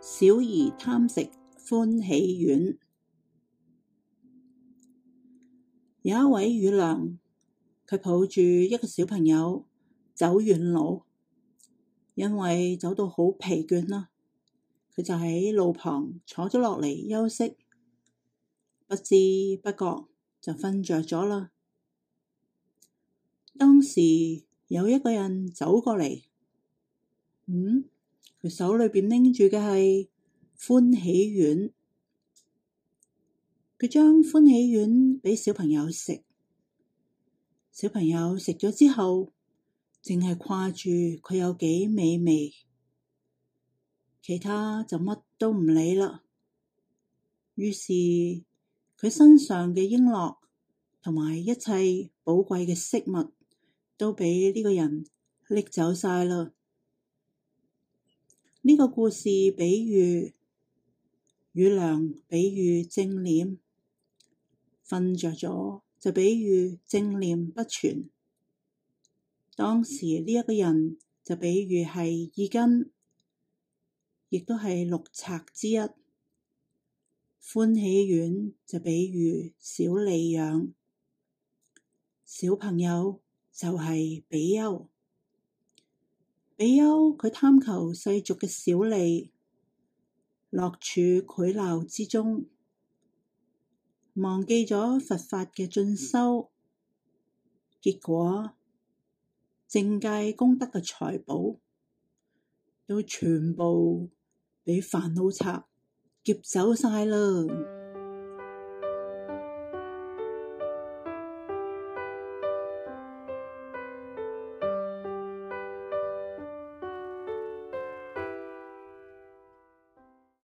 小兒貪食，歡喜丸。有一位乳娘，佢抱住一個小朋友走遠路，因為走到好疲倦啦，佢就喺路旁坐咗落嚟休息，不知不覺就瞓着咗啦。當時有一個人走過嚟，嗯，佢手裏邊拎住嘅係歡喜丸，佢將歡喜丸俾小朋友食，小朋友食咗之後，淨係掛住佢有幾美味，其他就乜都唔理啦。於是佢身上嘅瓔珞同埋一切寶貴嘅飾物，都俾呢個人拎走晒啦。呢個故事，比喻乳娘，比喻正念瞓着咗就比喻正念不全。當時呢一個人就比喻係耳根，亦都係六賊之一。歡喜丸就比喻小利養，小朋友就係比丘。比丘佢貪求世俗嘅小利，落處憒鬧之中，忘記咗佛法嘅進修，結果淨戒功德嘅財寶都全部畀煩惱賊劫走晒啦。